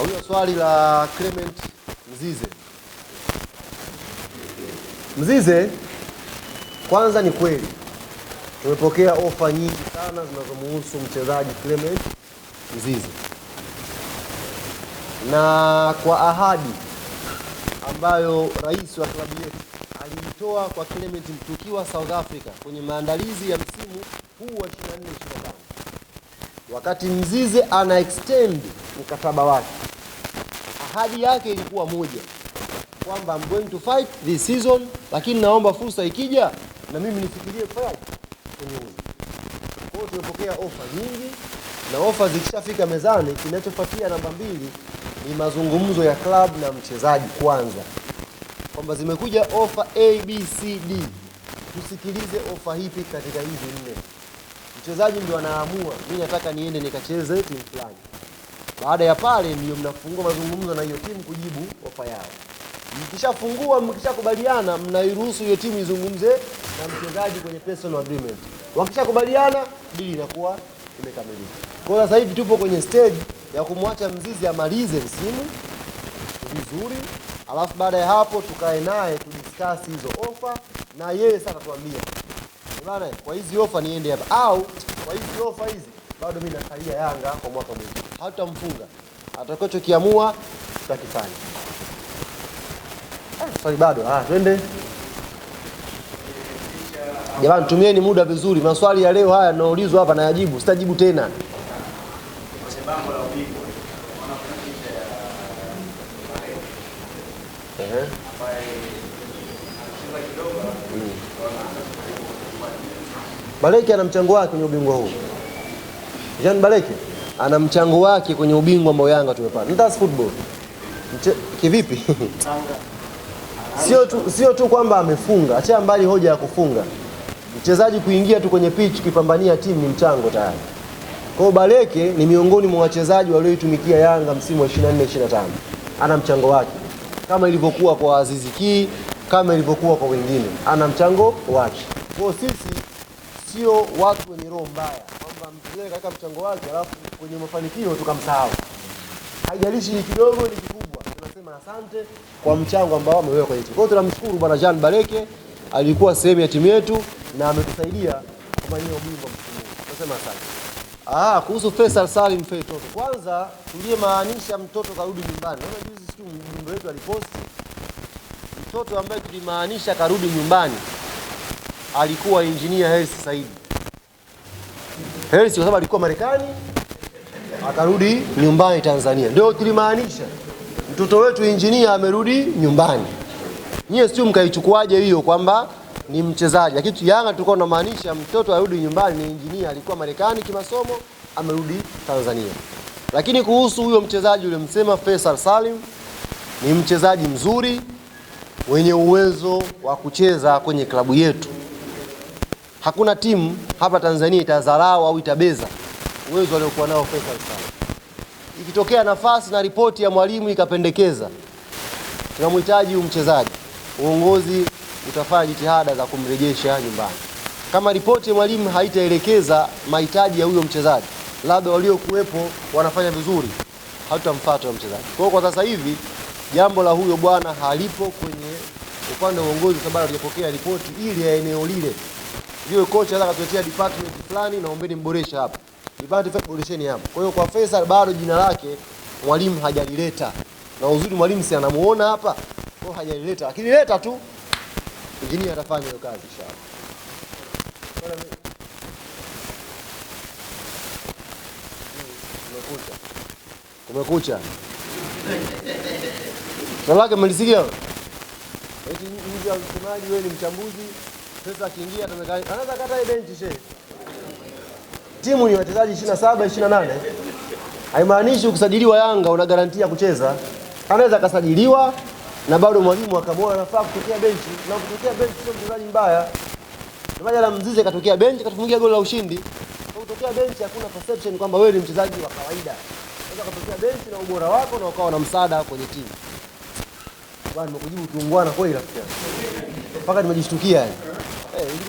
huyo swali la Clement Mzize. Mzize, kwanza ni kweli tumepokea ofa nyingi sana zinazomhusu mchezaji Clement Mzize, na kwa ahadi ambayo rais wa klabu yetu aliitoa kwa Clement mtukiwa South Africa kwenye maandalizi ya msimu huu wa 24 25 wakati Mzize ana extend mkataba wake ahadi yake ilikuwa moja kwamba I'm going to fight this season, lakini naomba fursa ikija na mimi nifikirie kufanya kwenye huyu. Kwa hiyo tumepokea ofa nyingi, na ofa zikishafika mezani, kinachofuatia namba mbili ni mazungumzo ya club na mchezaji kwanza, kwamba zimekuja ofa A, B, C, D, tusikilize ofa hipi katika hizi nne. Mchezaji ndio anaamua, mimi nataka niende nikacheze timu fulani. Baada ya pale ndio mnafungua mazungumzo na hiyo timu kujibu ofa yao. Mkishafungua, mkishakubaliana, mnairuhusu hiyo timu izungumze na mchezaji kwenye personal agreement. Wakishakubaliana, dili inakuwa imekamilika. Kwa sasa hivi tupo kwenye stage ya kumwacha mzizi amalize msimu vizuri, alafu baada ya hapo tukae naye tudiskasi hizo ofa, na yeye sasa atatuambia kwa hizi ofa niende hapa, au kwa hizi ofa hizi bado mimi nakalia Yanga kwa mwaka mwingine hatutamfunga, atakachokiamua tutakifanya. Ah, Swali bado? Ah, twende jamani, tumieni muda vizuri. Maswali ya leo haya naulizwa hapa nayajibu, sitajibu tena. Mm. Baleke ana mchango wake kwenye ubingwa huu. Jean Baleke ana mchango wake kwenye ubingwa ambao Yanga tumepata. That's football. Kivipi? Sio tu, sio tu kwamba amefunga, acha mbali hoja ya kufunga. Mchezaji kuingia tu kwenye pitch kipambania timu ni mchango tayari. Kwa hiyo Baleke ni miongoni mwa wachezaji walioitumikia Yanga msimu wa 24 25. Ana mchango wake kama ilivyokuwa kwa Azizi Ki, kama ilivyokuwa kwa wengine, ana mchango wake. Kwa sisi sio watu wenye roho mbaya tukampeleka katika mchango wake, alafu kwenye mafanikio tukamsahau. Haijalishi ni kidogo ni kikubwa, tunasema asante kwa mchango ambao ameweka kwenye timu. Kwa hiyo tunamshukuru Bwana Jean Baleke, alikuwa sehemu ya timu yetu na ametusaidia kumania ubingwa msimu Tunasema asante. Ah, kuhusu Faisal Salim Fei Kwanza tulie maanisha mtoto karudi nyumbani. Naona juzi siku mjumbe wetu aliposti mtoto ambaye tulimaanisha karudi nyumbani alikuwa injinia Hersi Saidi. Helsi kwa sababu alikuwa Marekani akarudi nyumbani Tanzania. Ndio tulimaanisha mtoto wetu injinia amerudi nyumbani. Nyie sio mkaichukuaje hiyo kwamba ni mchezaji, lakini Yanga tulikuwa tunamaanisha mtoto arudi nyumbani ni injinia, alikuwa Marekani kimasomo, amerudi Tanzania. Lakini kuhusu huyo mchezaji ulimsema Faisal Salim, ni mchezaji mzuri wenye uwezo wa kucheza kwenye klabu yetu. Hakuna timu hapa Tanzania itadharau au itabeza uwezo aliokuwa nao Faisal Salim. Ikitokea nafasi na ripoti ya mwalimu ikapendekeza tunamhitaji huyu mchezaji, uongozi utafanya jitihada za kumrejesha nyumbani. Kama ripoti ya mwalimu haitaelekeza mahitaji ya huyo mchezaji, labda waliokuwepo wanafanya vizuri, hatutamfuata huyo mchezaji. Kwa hiyo kwa sasa hivi jambo la huyo bwana halipo kwenye upande wa uongozi, sababu hajapokea ripoti ili ya eneo lile yule kocha anaweza kutuletea department fulani, naombeni mboreshe hapa department fulani, boresheni hapa. Kwa hiyo kwa Faisal bado jina lake mwalimu hajalileta, na uzuri mwalimu si anamuona hapa, kwa hiyo hajalileta, lakini leta tu injinia atafanya hiyo kazi inshallah. Kumekucha. Swali lake mmelisikia? Eti msemaji, wewe ni mchambuzi pesa akiingia anaweza kata hii benchi she. Timu ni wachezaji 27 28, haimaanishi ukisajiliwa Yanga una garantia kucheza. Anaweza akasajiliwa na bado mwalimu akamwona anafaa kutokea benchi, na kutokea benchi sio mchezaji mbaya. Mmoja la mzizi katokea benchi katufungia goli la ushindi. Kwa kutokea benchi hakuna perception kwamba wewe ni mchezaji wa kawaida. Unaweza kutokea benchi na ubora wako na ukawa na msaada kwenye timu. Bwana, nimekujibu kiungwana kweli rafiki. Mpaka nimejishtukia yani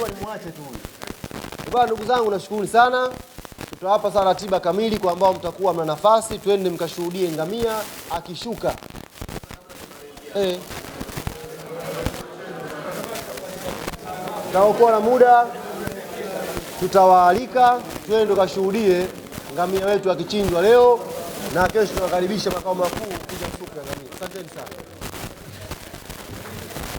hivyo nimwache tu huyu. Kwa ndugu zangu, nashukuru sana, tutawapa sana ratiba kamili kwa ambao mtakuwa mna nafasi, twende mkashuhudie ngamia akishuka eh. Tutaokoa na muda, tutawaalika twende tukashuhudie ngamia wetu akichinjwa leo, na kesho tunakaribisha makao makuu kuja kushuka ngamia. Asanteni sana.